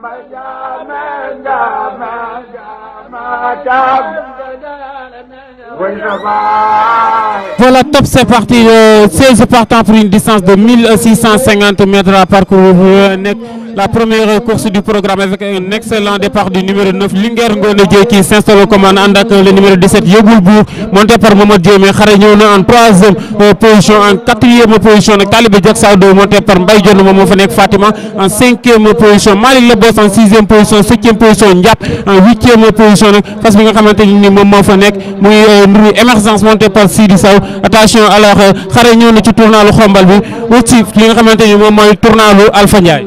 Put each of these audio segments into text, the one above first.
Maja, Maja, Maja, Maja. Voilà, top, c'est parti. 16 partants pour une distance de 1650 mètres à parcourir. la première course du programme avec un excellent départ du numéro 9, Linger Ngonegé qui s'installe au commandant le numéro 17, Yogoulbou, monté par Momo Diomé, en 3 euh, position, en 4 position, monté par Mbaye Fatima, en 5 position, Malik Lebos en sixième position, 7 position, Ndiap en 8e position, Ndour émergence montée par Sidi Sow attention alors euh, xare ñëw na ci tournalu xombal bi aussi li nga xamante ni moom mooy tournalu Alpha Ndiaye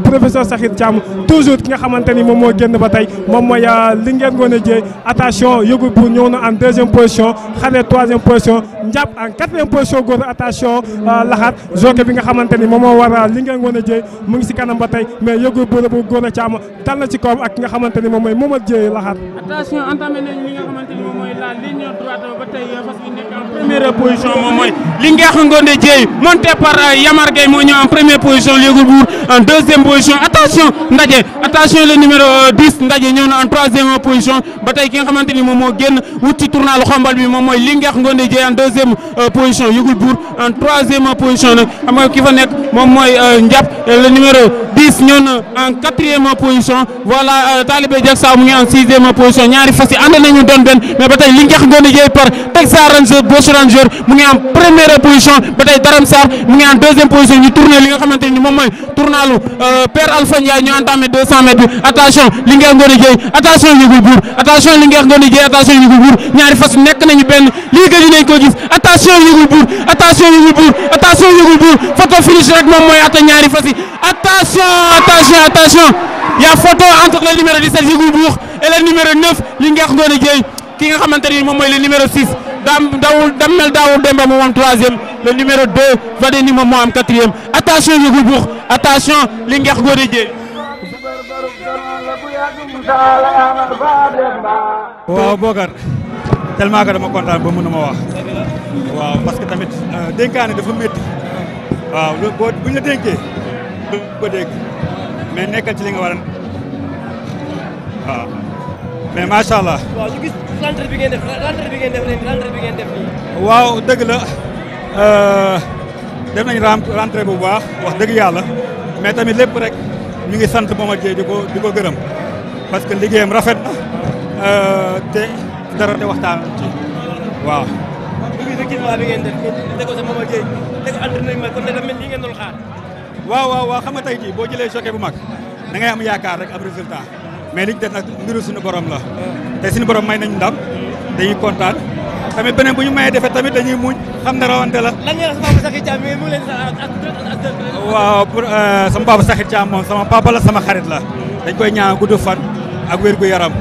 professeur Sakhid Cham, toujours ki nga xamante ni moom moo de bataille, tey moom mooy de euh, Ngoné attention Yeggoul Bour na en deuxième position Xane troisième position jàpp en quatrième position góor attention euh, laxaat jockey bi nga xamante ni moom moo war li ngeen wan a jëy mu ngi si kanam ba tey mais yëgul bëre bu góor a caama dal na ci kawam ak ki nga xamante ni moom mooy moomal jëy laxaat. attention entamé la ligne droite ba tey euh, en première position moom mooy euh, buur en deuxième position attention ndaje attention le numéro 10 ndaje ñëw na en troisième position ba tey ki nga xamante ni moom moo génn wut ci tournal xombal bi moom mooy li ngeex ngoone jëy deuxième euh, position yëgul buur en troisième position nag xam nga ki fa nekk moom mooy euh, njàpp le numéro en quatrième position voilà euh, Talibé en position mais bataille par Texas Ranger Ranger en première position Daram en deuxième position euh, Père Alpha 200 mètres attention attention attention Attention. attention Attention. Attention. ñaari Attention. Nek nañu Ben, Attention. Attention. attention Attention. attention Attention. attention Attention. photo finish Attention. attention attention, attention. Il y a photo entre le numéro 17 Jigoubourg et le numéro 9 Lingard Ndonegay qui est le numéro 6. Damel Daoud Demba Mouam 3e, le numéro 2 Vadeni Mouam 4e. Attention Jigoubourg. attention Lingard Oh, Wow Bogar. tellement que dama kontaan ba wax parce que tamit mis euh, dafa de waaw vous bu le bëgg ko dégg mais nekkal ci li nga war waaw mais macha allah. waaw ñu gis rentrée bi ngeen def rentrée bi ngeen def léegi rentrée bi ngeen def nii. waaw dëgg la def nañ rentrée bu baax wax dëgg yàlla mais tamit lépp rek ñu ngi sant Momar Dieye di ko di ko gërëm parce que liggéeyam rafet na te dara te waxtaan ci waaw. bu bi ngeen def ko sa Momar Dieye def entraînement kon dafa mel ni ngeen doon xaar waaw waaw waaw xam nga tey jii boo jëlee choqué bu mag da ngay am yaakaar rek am résultat mais liñ def nag mbiru suñu borom la te suñu borom may nañu ndam dañuy kontaan tamit beneen bu ñu mayee defee tamit dañuy muñ xam ne rawante la. lan ngeen sama papa Sakhir Thiam mu ngi leen ak waaw pour euh, sama papa Sakhir Thiam moom sama papa la sama xarit la dañ koy ñaan gudd fan ak wér gu yaram.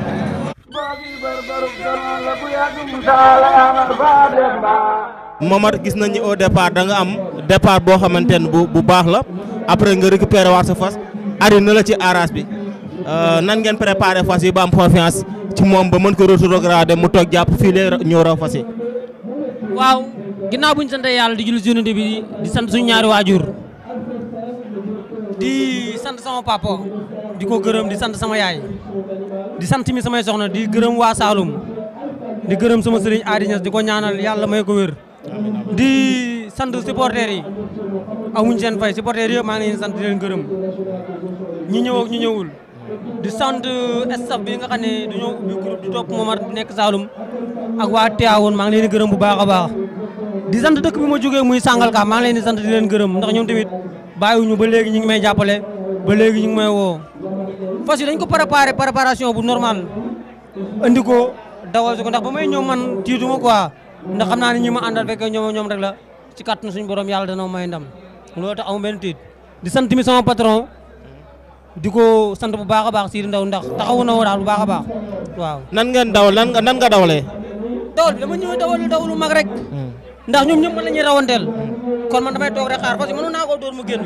mamar gis nañu au départ da nga am départ bo xamantene bu bu baax la après nga récupérer wat sa fas ari na la ci arras bi euh nan ngeen préparer fas yi ba am confiance ci mom ba mën ko retrograder mu tok japp fi le ñëw raw fas yi. waaw ginaaw buñu sante yalla di julli journée bi di sante suñu ñaari wajur di sante sama papa di ko gëreum di sante sama yaay di sante mi sama soxna di gëreum wa salum di gëreum sama serigne Adi Niass di ko ñaanal yalla may ko wër di. Sandu supporteri, amuñ sen fay supporteri yëpp maa ngi sant di len gërëm ñi ñëw ak ñi ñëwul di sant staff bi nga xane du ñu ubbi groupe di top Momar nek salum ak wa tiawon ma ngi len di gërëm bu baaxa baax di sant dekk bi mo joggé muy ka ma ngi len di sant di len gërëm ndax ñoom tamit ñu ba légui ñi ngi may jappalé ba légui ñi ngi may wo fasi dañ ko préparer préparation bu normal andiko dawal ko ndax ba may man tiituma quoi ndax xamna ni ne andal fekk ñom ñom rek la ci kàttanu suñu borom yalla dana may ndam loolu tax amu benn tiit di sant mi sama patron diko ko sant bu baaxa baax Sidi Ndaw ndax taxawu na daal bu baaxa baax waaw. nan nga ndaw lan nga nan nga dawalee. dawal dama ñu dawal dawlu mag rek. ndax ñom ñom mën nañuy kon man damay tok rek xaar parce que mënu na ko door mu genn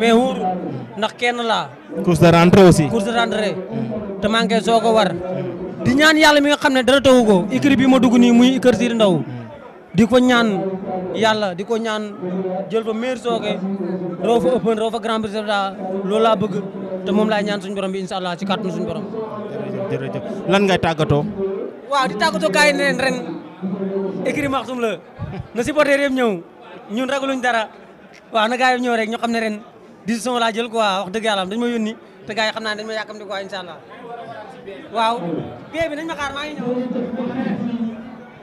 mais wóoru ndax kenn la course de rentrée aussi. course de rentrée. te manqué soko war. di ñaan yalla mi nga xamne dara tawugo ikri bi ma dugg ni muy ikër Sidi Ndaw di ko ñaan yàlla di ko ñaan jol fa maire sooke roo fa ëppan roo fa grand prix da loolu laa bëgg te moom laay ñaan suñ borom bi incha allah ci kàttanu suñ borom. jërëjëf jërëjëf lan ngay tàggatoo. waaw di tàggatoo kaay neen ren écrit Maxtum la na supporter yëpp ñëw ñun ragaluñ dara waaw na gars yi ñëw rek ñu xam ne ren décision laa jël quoi wax dëgg yàlla dañ ma yónni te gars yi xam naa dañ ma yàkkamti quoi incha allah waaw. bi nañ ma xaar maa ngi